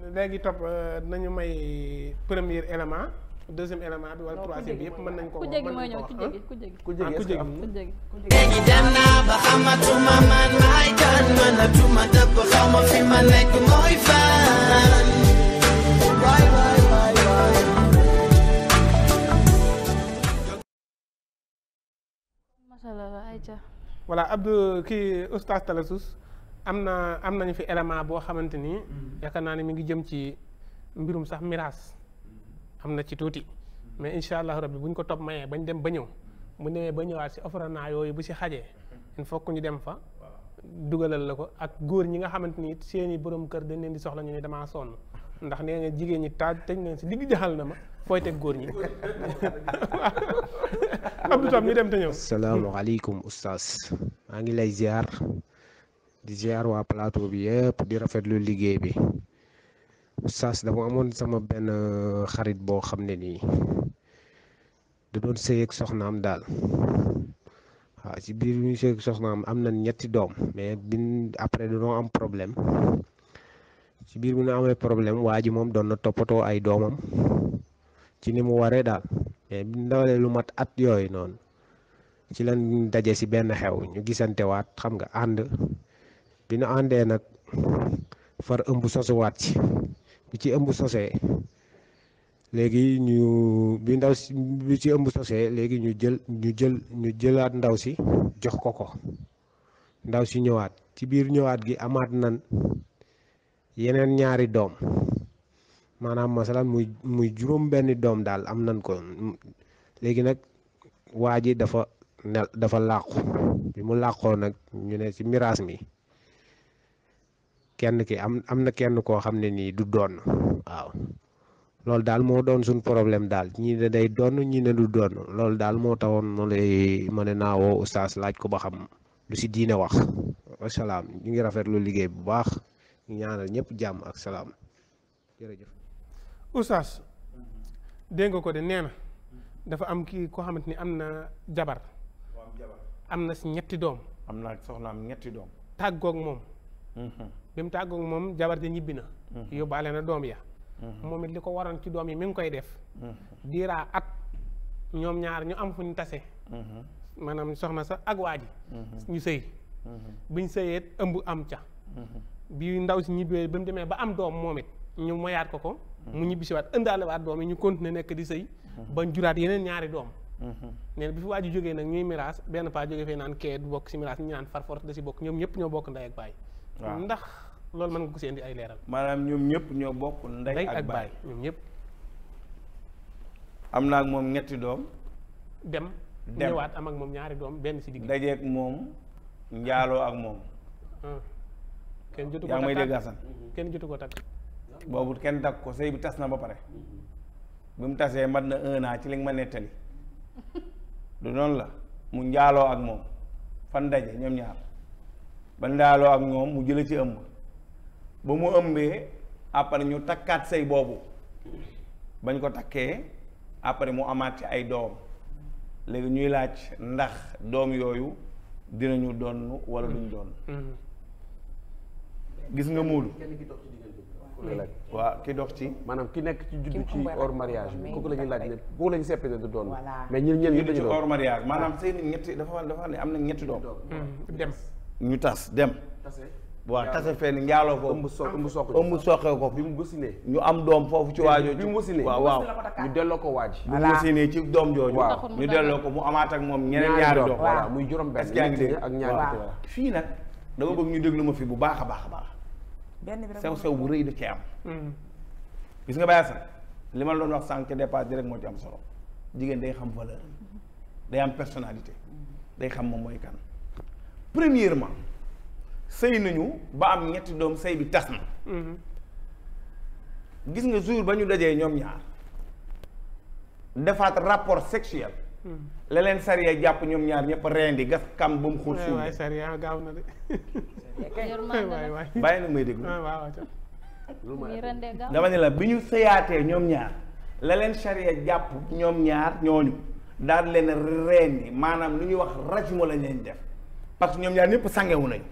léegi topp euh, nañu may premier élément deuxième élément bi wala troisième bi yëpp mën nañ ko ku jéggi mooy ñëw ku ah? jéggi ku jéggi ku jéggi ah, léegi dem naa voilà Abdou kii am na am nañu fi élément boo xamante ni. Mm-hmm. yaakaar naa ne mi ngi jëm ci mbirum sax miraas mm-hmm. am na ci tuuti. Mm-hmm. mais incha allah rabbi bu ñu ko topp mayee ñu dem ba ñëw bu demee ba ñëwaat si ofrana yooyu bu si xajee il faut ñu dem fa. dugalal la ko ak góor ñi nga xamante ni it seen i borom kër dañ leen di soxla ñu ne damaa sonn ndax nee nga jigéen ñi taaj teñ leen si digg jaxal na ma fooy teg góor ñi. Abdou Tom ñu dem te ñëw. salaamaaleykum oustaz maa ngi lay ziar. di ziar waa plateau bi yëpp di rafetlu liggéey bi saas dama amoon sama benn euh, xarit boo xam ne nii da doon sëy soxnaam daal waaw ci biir bi ñu am na ñetti doom mais bin après dañoo am problème ci biir bi ñu amee problème waa ji moom doon na toppatoo ay doomam ci ni mu waree daal mais bi ndawalee lu mat at yooyu noonu ci lan daje si benn xew ñu gisantewaat xam nga ànd bi ñu àndee nag far ëmb sosuwaat ci bi ci ëmb sosee léegi ñu bi ndaw ci ëmb léegi ñu jël ñu jël ñu jëlaat ndaw si jox ko ko ndaw si ñëwaat ci biir ñëwaat gi amaat nan yeneen ñaari doom maanaam masalan muy muy juróom benni doom daal am nan ko léegi nag waa ji dafa nel dafa làqu bi mu làqoo nag ñu ne ci miraas mi kenn ki am am na kenn koo xam ne nii du doon waaw loolu daal moo doon suñ problème daal ñii ne day doon ñii ne du doon loolu daal moo taxoon ma lay ma naa woo oustaz laaj ko ba xam lu si diine wax wasalaam ñu ngi rafetlu liggéey bu baax ñu ñaanal ñëpp jàmm ak salaam jërëjëf. oustaz dégg nga ko de nee na dafa am kii koo xamante ni am na jabar. am na si ñetti doom. am na soxnaam ñetti moom. Mhm. bi mu tàggoog moom jabar ja ñibbi na mhm. yóbbaale na doom ya mhm. moom it li ko waroon ci doom yi mi ngi koy def mhm. diiraa at ñoom ñaar ñu am fu ñu tase maanaam soxna sa ak waa ji ñu sëy biñ sëyeet ëmb am ca bi ndaw si ñibbee ba mu demee ba am doom moom it ñu moyaat ko ko mu ñibbi si waat ëndaale waat doom yi ñu continuer nekk di sëy bañ juraat yeneen ñaari doom neen bi fi waa jógee nag ñuy miraas benn paa jógee fee naan kee du bokk si miraas ñu naan farforce si bokk ñoom ñëpp ñoo bokk ndey ak baay loolu mën nga ko si indi ay leeral. maanaam ñoom ñëpp ñoo bokk ndey ak baay ñoom ñëpp. am naa ak moom ñetti doom. dem dem ñëwaat am ak moom ñaari doom benn si digg. dajeeg moom njaaloo ak moom. Ah. kenn jotu ko takk yaa ngi may dégg Assane kenn jotu ko takk. boobu kenn takk ko sëy bi tas na ba pare. bi mu tasee mat na un an ci li nga ma nettali. du noonu la mu njaaloo ak moom fan daje ñoom ñaar ba njaaloo ak ñoom mu jële ci ëmb. ba mu ëmbee après ñu takkaat sëy boobu bañ ko takkee après mu amaat ci ay doom léegi ñuy laaj ndax doom yooyu dina dinañu donn wala duñ donn gis nga muulu waaw ki dox ci maanaam ki nekk ci juddu ci hors mariage bi kooku la ñuy laaj ne kooku la ñu seppe ne du doon mais ñun ñen ñu ci hors mariage maanaam seen ñetti dafa dafa ne am na ñetti doom mm. ñu tas dem waaw tase fenn njaaloo ko ëmb so ëmb soq ëmb soqee ko bi mu wasinee ñu am doom foofu ci waajoo bi mu wasinee waaw waaw ñu delloo ko waaj bi mu wasinee ci doom jooju waaw ñu delloo ko mu amaat ak moom ñeneen ñaari doom voilà muy juróom benn ak ñaari fii nag dama bëgg ñu déglu ma fi bu baax a baax a baax benn bi sew sew bu rëy da cee am hmm. gis nga bàyyi sax li ma la wax sànq ca dépasse direct moo ci am solo jigéen day xam valeur hmm. day am personnalité day xam moom mooy kan premièrement sëy nañu ba am ñetti doom sëy bi tas na mhm. gis nga jour ba ñu dajee ñoom ñaar defaat rapport sexuel mhm. la leen sariya jàpp ñoom ñaar ñëpp rendi gas kam ba mu xul eh, suuf waay sariya gaaw na de bàyyi na may déglu ah, dama ne la bi ñu sëyaatee ñoom ñaar la jàpp ñoom ñaar ñooñu daal leen rendi maanaam lu ñuy wax rajmo la leen def parce que ñoom ñaar ñëpp sàngewu nañu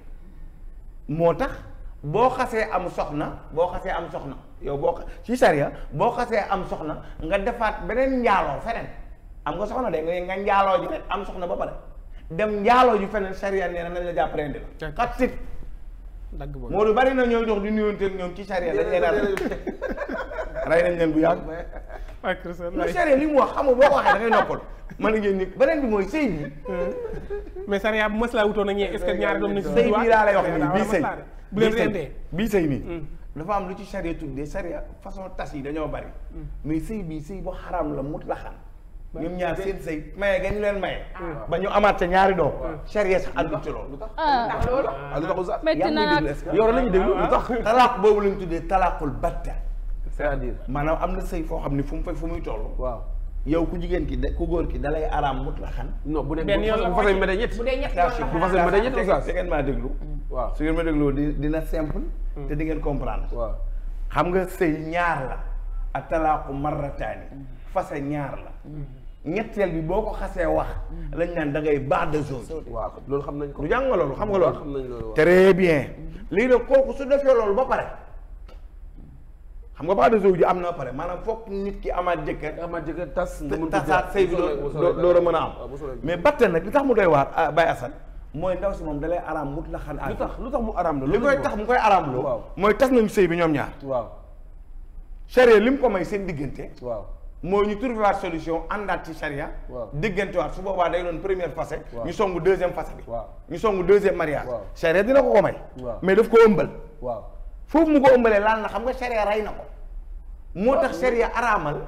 moo tax boo xasee am soxna boo xasee am soxna yow boo ci sariya boo xasee am soxna nga defaat beneen njaaloo feneen am nga soxna de nga njaaloo ji feneen am soxna ba pare dem njaaloo ji feneen sariya nee na la jàpp rendi la xat sit moo du bari na ñoo jox di nuyonteeg ñoom ci sariya dañ leen rey nañ leen bu yàgg lu sariya li mu wax xamu boo ko waxee da ngay man ne ngeen ni beneen bi mooy sëy bi. mais sariya bu mas laa wutoon ak ñee na si. sëy bii laa lay wax nii bii sëy bu leen rendee sëy hmm. dafa am lu ci sariya tuddee sariya façon tas yi dañoo bari. Hmm. mais sëy bii sëy bu xaram la mut la xam. ñoom ñaar seen sëy maye gañ leen maye. Hmm. ba ñu amaat sa ñaari doom. sariya sax àndul ci loolu. ah loolu ah lu taxul sax. métti naa yow la ñuy déglu lu tax ah. talaaq boobu la tuddee talaaqul batta c'est-à-dire maanaam am na sëy foo xam ne fu mu fay fu muy toll. waaw yow ku jigéen ki de ku góor ki dalay araam mut la xan non bu dee bu fas yi ma dee ñett bu dee mm. su ma déglu di dina simple mm. te di ngeen comprendre waaw xam nga sëy ñaar la ak talaaku marrataani mm. fase ñaar la ñetteel bi boo ko xasee wax lañ naan dangay ngay baax de zone waaw loolu xam nañ ko du jàng nga loolu xam nga loolu très bien léegi nag kooku su defee loolu ba pare xam nga baax de sow ji am na pare maanaam foog nit ki amaat jëkkër amaat jëkkër tas tasaat sëy bi loolu a mën a am mais batte nag li tax mu doy waar ah, Baye Assane mooy ndaw si moom dalay araam a lu tax lu tax mu araam la li koy loo mooy tas nañu sëy bi ñoom ñaar waaw diggante waaw mooy ñu trouvé waat solution àndaat ci charia su boobaa day doon première facette ñu songu deuxième facette bi ñu songu deuxième mariage charia dina ko ko may mais waaw foofu ko ëmbalee laal na xam nga charia rey na ko moo tax sharia araamal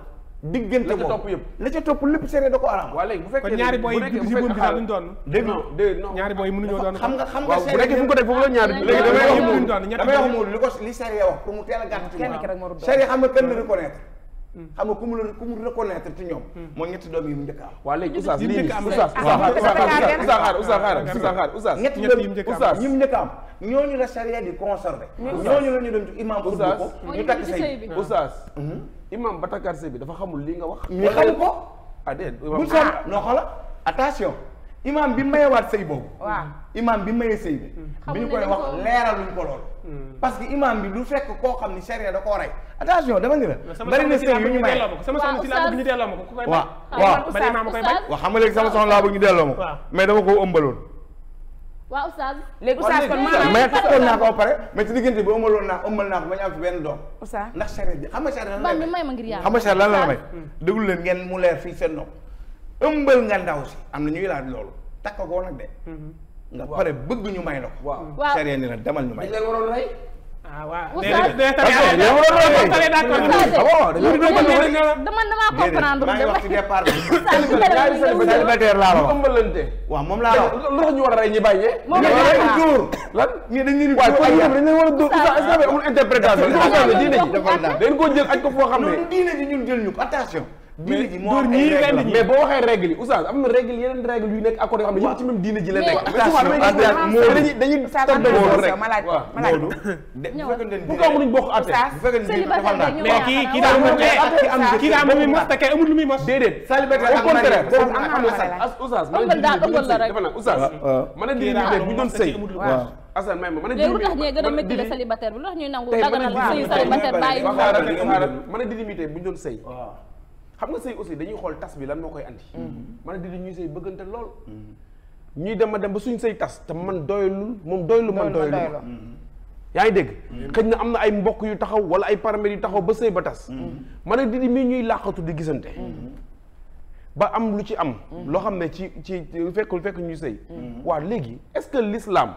diggante boobu la ca topp yëpp sharia da ko araamal. waaw léegi bu fekkee ñaari booy yi si buum bi sax duñ nga xam nga xam nga bu léegi damay wax mu damay wax mu li ko wax pour a gàtt. kenn xam nga kenn reconnaître xam nga ku mu ku mu reconnaître ci ñoom. Hmm. mooy ñetti doom yi mu njëkk a am. waa léegi Oustaz lii nii Oustaz Oustaz ñetti doom yi mu njëkk a am ñooñu la charia di conservé. ñooñu la ñu dem ci imam pour ñu takk sëy bi hmm. imam ba takkaat sëy bi dafa xamul lii nga wax. ñu xamul ko ah déedéet. bu ah. non xoolal attention. imaam bi mayewaat sëy boobu. waaw imaam bi maye sëy bi. bi ñu koy wax leeraluñ ko lool. Hmm. parce que imaam bi du fekk koo xam ni charia da koo rey. attention dama ngi la bari na sëy yu ñu maye sama soxna si laa bëgg ñu delloo ma ko. waaw waaw bari nga koo ëmbaloon. waaw oustaz léegi oustaz kon maanaam mais naa ko ba pare mais ci diggante bi ëmbaloon naa ko ba ñu fi benn doom oustaz ndax charia bi xam nga charia la la may déglu ngeen mu leer fii seen nopp ëmbal nga ndaw si am na ñuy laaj loolu takk ko nag de. Mhm. nga pare bëgg ñu may la ko. waaw sariya ni la demal ñu may la ko. ah waaw. oustaz dama dama comprendre. maa ngi wax ci départ bi. célibataire laa la wax. waaw moom laa la wax. lu tax ñu war a rey ñi bàyyi. moom lan ñii dañu leen war a dóor amul interprétation. dañ ko jël aj ko foo xam ne. diine ji ñun jël ñu ko attention. diine ji moo am mais boo waxee règle yi oustaz am na règle yeneen règle yu nekk accord yoo xam ne yëpp ci bu ko amuñ bokk atte bu fekkee ne defal naa mais kii kii daa am kii daa am lu muy mos te kay amul ma ne doon sëy Assane may a dindi bu ñu doon sëy xam nga sëy aussi dañuy xool tas bi lan moo koy andi. Mm-hmm. maanaam di ñuy sëy bëggante lool. Mm-hmm. ñuy dem a dem ba suñ sëy tas te man doyalul moom doylu man doylu ma mm-hmm. yaa ngi dégg. xëy na am na ay mbokk yu taxaw wala ay paramètres yu taxaw ba sëy ba tas. maanaam di mii ñuy làqatu di gisante. ba am lu ci am. loo xam ne ci ci fekkul fekk ñuy sëy. waaw léegi est-ce que l'islam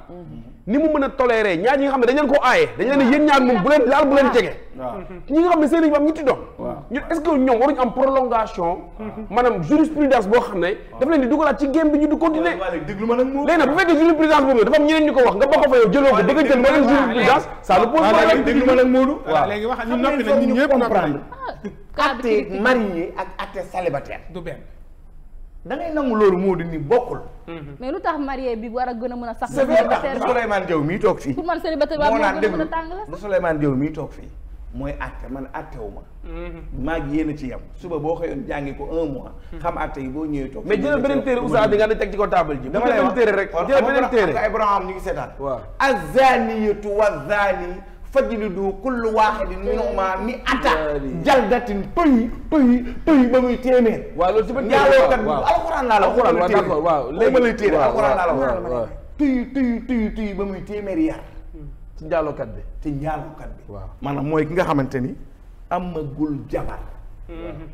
ni mu mën a toléré ñaar ñi nga xam ne dañ leen koo aaye. dañ leen ne yéen ñaar moom bu leen laal bu leen jege. xam ne sëy nañu ba am ñetti doom ñun est-ce que ñoom waruñu am prolongation. Mm-hmm. maanaam jurisprudence boo xam ne. daf leen di dugalaat ci game bi ñu di continuer. léegi nag bu fekkee jurisprudence boobu dafa am ñeneen ñu ko wax nga bokk fa yow jëloo ko bëgg a jël beneen jurisprudence. ça nous pose problème déglu ma nag Moodu. waaw léegi wax ñu na ñun ñëpp comprendre. Ah, acte marié bokkul. Mm-hmm. mais lu tax marié bi war a gën a mën a sax. célibataire bi Souleymane Diaw mii toog fii. pour man célibataire bi fii mooy àtte man àttewu ma. maa mhm. ngi yéen a ci yam suba boo xëyoon jàngi ko un mois. Mhm. xam àtte yi boo ñëwee toog. mais jëlal beneen téere oustaz bi nga ne teg ci ko table ji. dama lay wax téere rek jëlal beneen téere xam nga Ibrahima ñu ngi seetaan. waaw azaniyatu wa zani kullu waahidin minhumaa mi'ata jaldatin pëy pëy pëy ba muy téeméer. waaw ci jaalookat bi te njaalookat bi waaw maanaam mooy ki nga xamante ni amagul jabar hmm.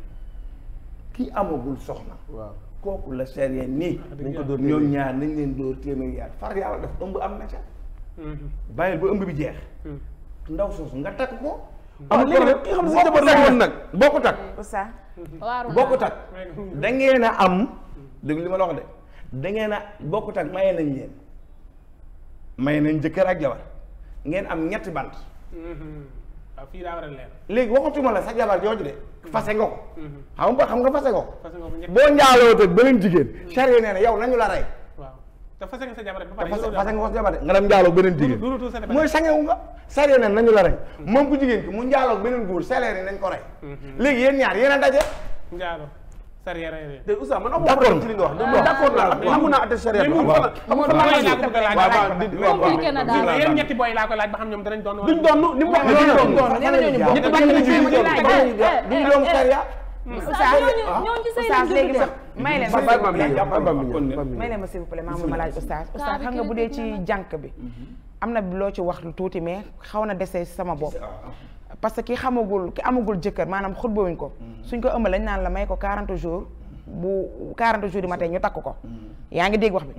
ki amagul soxna waaw kooku la seeree nii ah, ñoom ñaar nañ leen dóor téeméeri yar yàlla def ëmb am na ca hmm. bàyyil ba ëmb bi jeex hmm. ndaw soosu nga takk ko am léegi xam si jabar la woon nag boo ko takk boo ko takk da am dégg li ma la de da a boo ko takk maye nañ leen maye nañ jëkkër ak jabar ngeen am ñetti bant. waaw mm-hmm. ah, fii daa war a leer. léegi waxatuma la sa jabar jooju de. Mm-hmm. fase nga ko. Mm-hmm. xam nga xam nga fase nga ko. fase nga boo njaaloo te beneen jigéen. charia nee na yow nañu la rey. waaw te fase nga sa jabar ba pare. fase nga ko sa jabar de nga dem njaaloo beneen jigéen. mooy sangewu nga. charia nee nañu la rey. moom ku jigéen ki mu njaaloo beneen góor salaire yi nañ ko rey. léegi yéen ñaar yéen a daje. sariya rey de. dégg nga man amoo ci li nga wax. d'accord naa atte sariya. waaw xam ñoom doon. sariya. Oustaz sax may leen may ma s'il vous plaît maa ma laaj Oustaz Oustaz xam nga bu dee ci jànk bi am na loo ci wax lu tuuti mais xaw na dese sama bopp parce que ki xamagul ki amagul jëkkër maanaam xutba wuñ ko mm-hmm. suñ ko ëmb lañ naan la may ko 40 jours mm-hmm. bu 40 jours yi ma tey ñu takk ko mm-hmm. yaa ngi dégg wax bi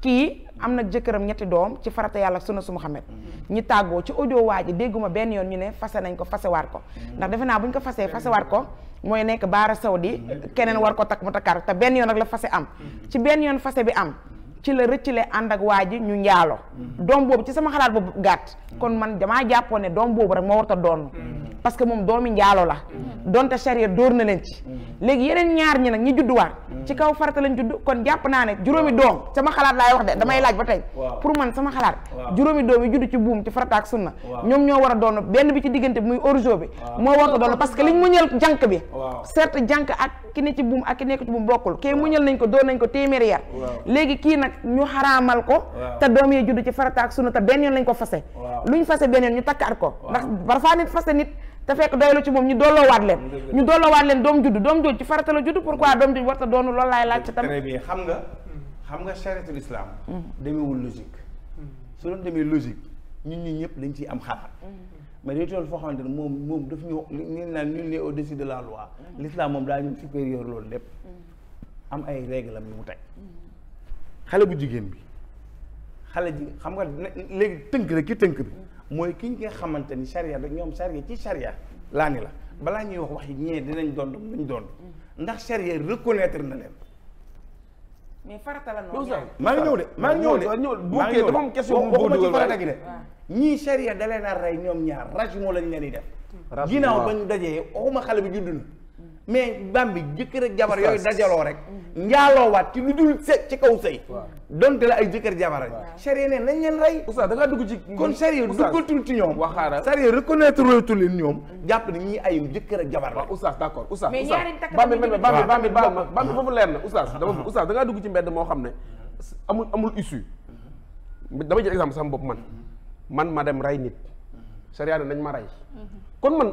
kii am nag jëkkëram ñetti doom ci farata yàlla suna su Muhammad ñu tàggoo ci audio waa ji dégguma benn yoon ñu ne fase nañ ko fasewaat ko ndax defe naa buñ ñu ko fasee fasewaat ko mooy nekk baara saudi keneen war ko takk mu takkaar te benn yoon nag la fase am ci benn yoon fase bi am ci la rëccile ànd ak waa ji ñu njaalo mm-hmm. doom boobu ci sama xalaat bu gàtt mm-hmm. kon man damaa jàppoon ne doom boobu rek moo warta doon mm-hmm. parce que moom doomi njaalo la donte charia dóor na leen ci léegi yeneen ñaar ñi nag ñi judduwaat ci kaw farata lañ judd kon jàpp naa ne juróomi doom sama xalaat laay wax de damay laaj ba tey pour man sama xalaat juróomi doom yi ci buum ci farata ak sunna ñoom ñoo war a doon benn bi ci diggante bi muy orjo bi moo warta doon parce que liñ muñal jànk bi certes jànk ak ki ne ci buum ak ki nekk ci buum bokkul kee muñal nañ ko doon nañ ko téeméer yar léegi kii nag ñu xaraamal ko te doom yi judd ci farata ak sunna te benn yoon lañ ko fase luñ fase benn yoon ñu takkaat ko ndax parfois nit fase nit te fekk doylu ci moom ñu dolloowaat leen ñu dolloowaat ci la judd ta tam très bien xam nga mm. mm. mm. foo xamante ne moom moom daf ñu ñu naan ñu ne au-dessus de la loi l'islam moom daa ñu supérieur loolu lépp am ay règles am mu teg xale bu jigéen bi xale ji xam nga léegi tënk rek ki tënk bi mooy ki nga xamante ni charia da ñoom charia ci charia laa ni la balaa ñuy wax wax yi ñee dinañ doon luñ doon ndax charia reconnaître na leen. mais farata la noonu. maa ngi ñëw de maa ngi ñëw de ñëw buukee dafa am question bu dugal farata gi de ñii charia da leen ñoom ñaar raj moo lañ leen di def. ñu dajee waxuma xale bi judd na mais bam bi jëkkër ak jabar yooyu dajaloo rek njaaloowaat ci lu dul se ci kaw sëy donte la ay jëkkër jabar rek charia ne nañ leen rey oustaz da ngaa dugg ci kon charia duggatul ci ñoom waxaara charia reconnaître rotu leen ñoom jàpp ne ñii ay jëkkër ak jabar rek oustaz d'accord oustaz bam bi mel bam bi bam bi bam bi foofu ne amul man man ma dem rey nit charia ne nañ ma rey mhm. kon man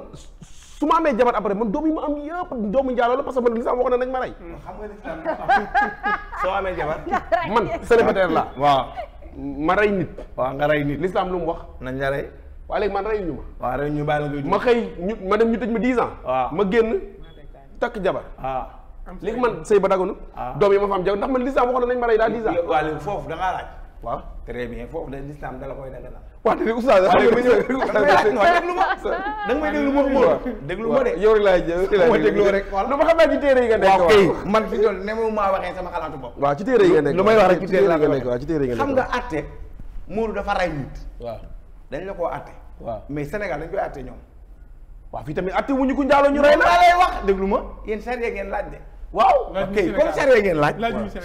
su ma amee jabar après man doom yi ma am yëpp doomu njaaloo la parce que man lislaam wax mm. xam nga lislaam soo amee jabar. man célibataire la waaw ma rey nit. waaw nga rey nit lu mu wax. nañ la rey. man rey ñu ma. waaw ñu bàyyi la ma xëy ñu ma dem ñu tëj ma 10 ans. waaw ma génn takk jabar. waaw ah. léegi man sëy ba daganu. waaw ah. doom yi ma fa am jabar ndax man lislaam wax na nañ ma rey daal 10 foofu da ngaa laaj. waaw très foofu de lislaam da la koy daganal waaw dégg oustaz da nga may déglu ma da nga may déglu ma déglu ma de yow rek laay jël ma déglu rek lu ma xamee ci téere yi nga nekk waaw man fi doon ne ma waxee sama xalaatu bopp waaw ci téere yi nga wax rek ci dafa rey nit waaw dañ la koo atte mais Sénégal dañ koy atte ñoom waaw fii tamit atte wuñu ku njaaloo ñu rey la lay wax déglu ma yéen seet ngeen laaj de waaw ok comme charia ngeen laaj.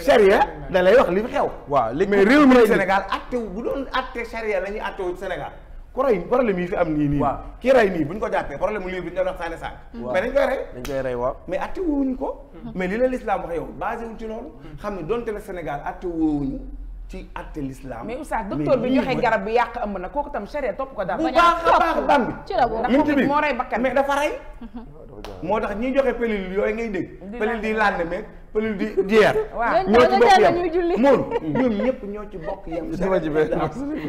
charia da lay wax li fi xew. waaw léegi mais réew mi Sénégal atte bu doon atte charia la ñuy atte wu Sénégal. ku rey problème yi fi am nii nii. waaw ki rey nii bu ñu ko jàppee problème mu lii bi ñu doon wax sànni sànq. mais dañ koy rey. dañ koy rey waaw. mais atte woowuñ ko. Mm-hmm. mais li la lislaam wax yow basé wuñ ci loolu. Mm-hmm. xam ne donte la Sénégal atte woowuñu ci àtte l'islam mais oustaz docteur bi joxe garab bi yàq am na kooku tam charia topp ko daal bu baax a baax dam bi ci la dafa moo tax ñi joxe pilule yooyu ngay dégg pilule di lànne meeg pilule di jeer waaw ñoo ci bokk yem moom ñoom ñëpp ñoo ci bokk yem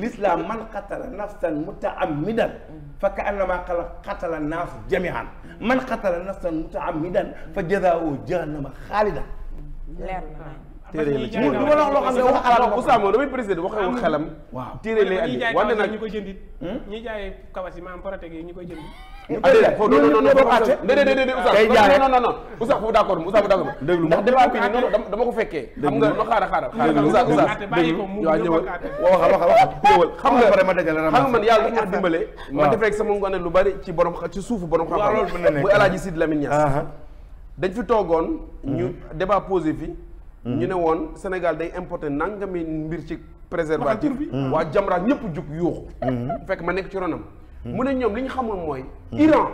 l'islam man xatala nafsan mutaamidan fa ka annama xala xatala naas jamian man xatala nafsan mutaamidan fa jazaa'u jahannama xaalida leer na téere la ma la wax loo xam ne wax xalaat Oustaz moom damay président waxewul xelam waaw téere lay andi wane nag ñu koy jëndit hmm? ñi jaay kawas yi maanaam protégé yi ñu dama ko fekkee xam nga ma xaaral xaaral xam nga ma dajale xam nga man yàlla dañu dimbale ma defee sama ngoone lu bari ci borom ci suufu borom xam-xam bu Alaaji Sid Lamine Niass dañ fi toogoon ñu mhm. débat posé fi ñu ne woon Sénégal day importer nangami mbir ci préservatif waa mm-hmm. Jamra ñëpp jug yuuxu mm-hmm. fekk ma nekk ci ronam mm-hmm. mu ne ñoom li ñu xamul mooy Iran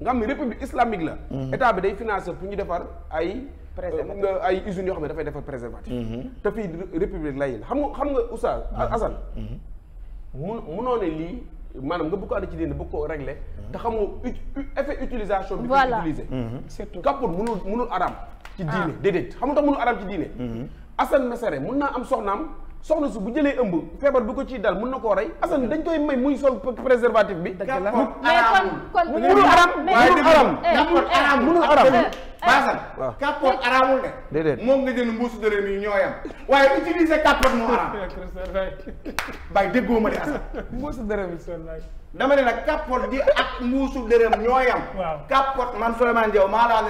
nga xam ne république islamique la état bi day financer pour ñu defar ay euh, ay usines yoo xam ne dafay defar préservatif te fii république lay la xam nga xam nga Oustaz Assane mun munoo lii maanaam nga bëgg ko ci diine bëgg ko régler te xamoo effet utilisation bi ko utiliser surtout kàppul munul munul araam ci diine ah. déedéet xam nga tax mënul araam ci diine mhm. Assane Mesere mun naa am soxnaam soxna su bu jëlee ëmb feebar bu ko ciy dal mun na koo rey Assane dañ koy may muy sol préservatif bi. dëgg la munul aram munul aram munul aram eh, eh, Basan. waaw kàppoot araamul ne. déedéet moom jën jënd mbuusu dërëm yi ñoo yam waaye utiliser kàppoot moo araam. bay déggoo ma de Assane. mbuusu dërëm yi. dama ne nag kàppoot di ak mbuusu dërëm ñoo yam. waaw kàppoot man Souleymane Diaw ne la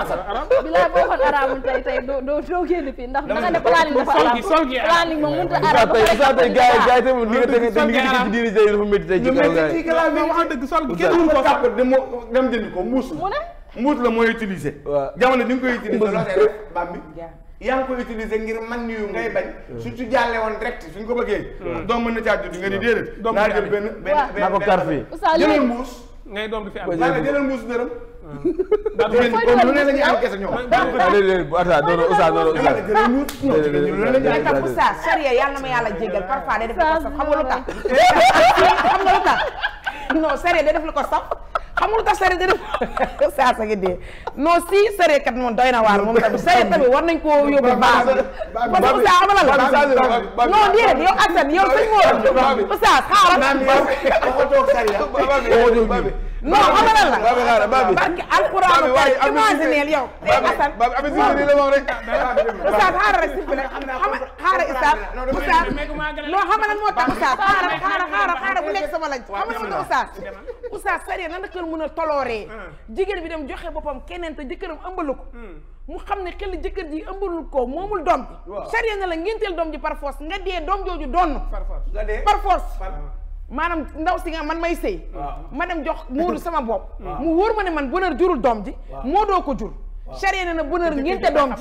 Assane. araamul araamul tey tey doo doo doo génn fii ndax danga ne planning dafa araam. planning moom mënut a araam. Moussa tey Moussa tey gars yi gars yi tamit li nga teg li nga teg ci diini jëy dafa métti tey ci kaw gars yi. kenn mënu ko sàkk dem dem jëndi ko muus la muus la mooy utiliser jamono di nga koy utiliser lotee rek bam bi yaa ngi koy utiliser ngir man niyu ngay bañ hmm. suñ ci jàllee woon direct suñ ko bëggee hmm. doom mën na caa juddi nga ni hmm. déedéet naa jël benn benn am wala ñoom léeg-léeg bu ata doon usa doon usa tax usa sariya yàlla non sere da def la ko saf xam nga lu tax sere da def saa sa dee non si sere kat moom doy na waar moom tamit sere tamit war nañ koo yóbbu baax parce que Oustaz la non déedéet yow ak seen yow sëñ moo Oustaz xaaral non xamal la parce que alxuraan kay rek s'il vous plaît xaaral Oustaz Oustaz non xamal la moo tax ma lañ xam nga man oustaz oustaz sare nan la kër mën a tolooree hmm. jigéen bi dem joxe boppam keneen te jëkkëram ëmbalu ko hmm. mu xam ne xel jëkkër ji ëmbalul ko moomul doom bi sare na la ngénteel doom ji par force nga dee doom jooju doon par force maanaam ndaw si nga man may sëy ma dem jox muuru sama bopp mu wóor ma ne man bonheur jurul doom ji moo doo ko jur sariya ne na bonheur ngénte doom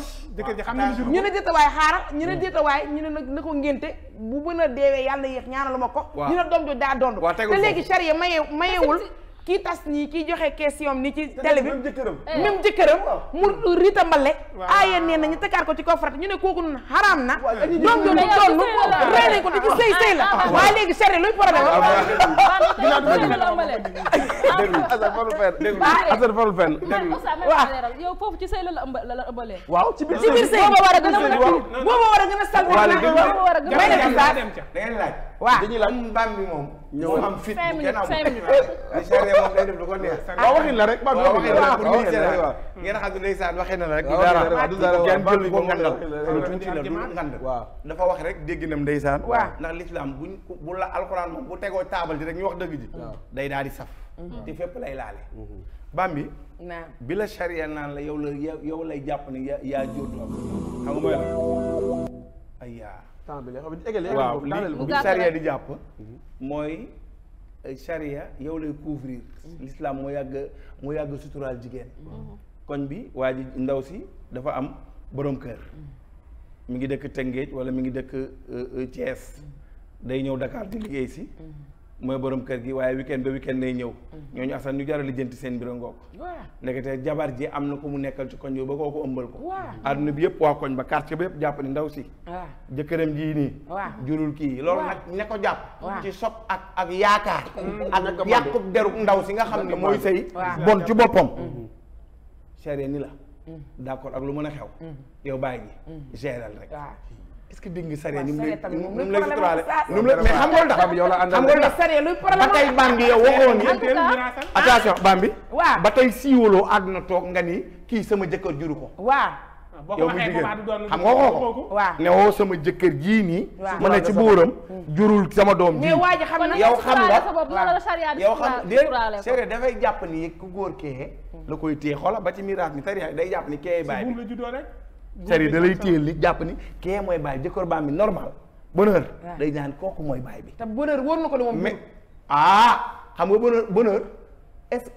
ji ñu ne déetawaay xaaral ñu ne hmm. déetawaay ñu ne na ko ngénte bu bonheur deewee yàlla yéex ma ko ñu ne doom jo daa dond te léegi sariya maye mayewul kii tas nii kii joxe question ni ci télé bi même eh. mu rita mbale aaye nee na ñu tëkkaat ko ci kaw farata ñu ne kooku nun xaraam na doom jooju toll nu rey nañ ko di ci ah, sëy sëy la ah, ah, waaye léegi sere luy eh. foofu ci sëy la la ëmbalee waaw ci biir sëy booba war a gën a sal booba war a gën waaw dañuy laaj mbaam bi moom. ñëw am fit bu kenn amul cinq minutes cinq minutes. moom day def lu ko ah, waxin la rek. waaw waxin la rek pour nit xam ne ndeysaan waxin la rek. dafa wax rek dégg nam ndeysaan. waaw ndax l'islam buñ bu la alquran moom bu tegoo taabal ji rek ñu wax dëgg ji. day daal di saf. Mm-hmm. te fépp lay laale. Mm-hmm. bambi. naam bi la charia naan la yow la yow lay jàpp ne yaa yaa jóotu am xam nga mooy temps bi waaw li charia di jàpp mhm. mooy charia euh, yow lay couvrir mhm. lislaam moo yàgg moo yàgg suturaal jigéen mhm. koñ bi waa ji ndaw si dafa am boroom kër mi ngi dëkk Tëngéej wala mi ngi dëkk euh, euh, Thiès day ñëw Dakar di liggéey si mooy boroom kër gi waaye weekend ba weekend lay ñëw ñoo ñooñu asan ñu jaral lijjanti seen mbir ngoog ndekete jabar ji am na ko mu nekkal ci koñ bi ba ko ëmbal ko adduna bi yëpp waa koñ ba quartier ba yëpp jàpp ndaw si jëkkëram ji nii jurul kii loolu nag ko jàpp ci sop ak ak yaakaar mm. ak yàqub deru ndaw si nga xam ne mooy sëy bon ci boppam mm-hmm. chéré ni la mm. d'accord ak lu mën a xew mm. yow bàyyi géral rek est ce que dégg nga saree ni mu mu lay suturaale ni mu lay mais xam nga lu tax ba tey Bambi yow waxoon ni attention Bambi waaw ba tey siiwaloo àdduna toog nga ni kii sama jëkkër juru ko waaw ah, yow mu jigéen xam nga ko ne woo sama jëkkër jii nii ma ne ci buuram jurul sama doom ji yow xam nga yow xam dé sérieux dafay jàpp ni ku góor kee la koy téye ba ci miraas mi sariya day jàpp ni kee bàyyi c'est-à-dire da lay téye li jàpp ni kee mooy baay jëkkër baam bi normal bonheur day ñaan kooku mooy baay bi te bonheur wóor na ko ne moom mais ah xam nga bonheur bonheur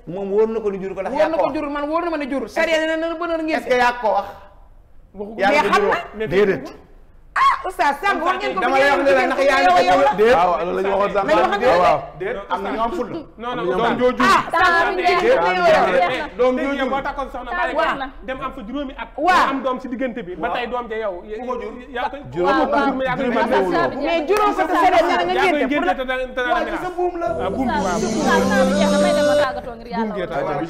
moom wóor na ko ni jur ko ndax yaa ko wax jur man wóor na ma ne jur sariya ne na bonheur ngeen est-ce que yaa ko wax yaa ko jur déedéet oustaz sànq war ngeen ko dama lay wax ne la ndax yaa ngi ko déet waaw la ñu waxoon sànq waaw déet am na ñu am ful non non doom jooju doom jooju boo takkoon soxna bari dem am fa juróomi at waaw am doom si diggante bi ba tey doom ja yow ku ko jur yaa ko mais juróom ko te sa doom nga ngénte pour la buum la buum bi waaw buum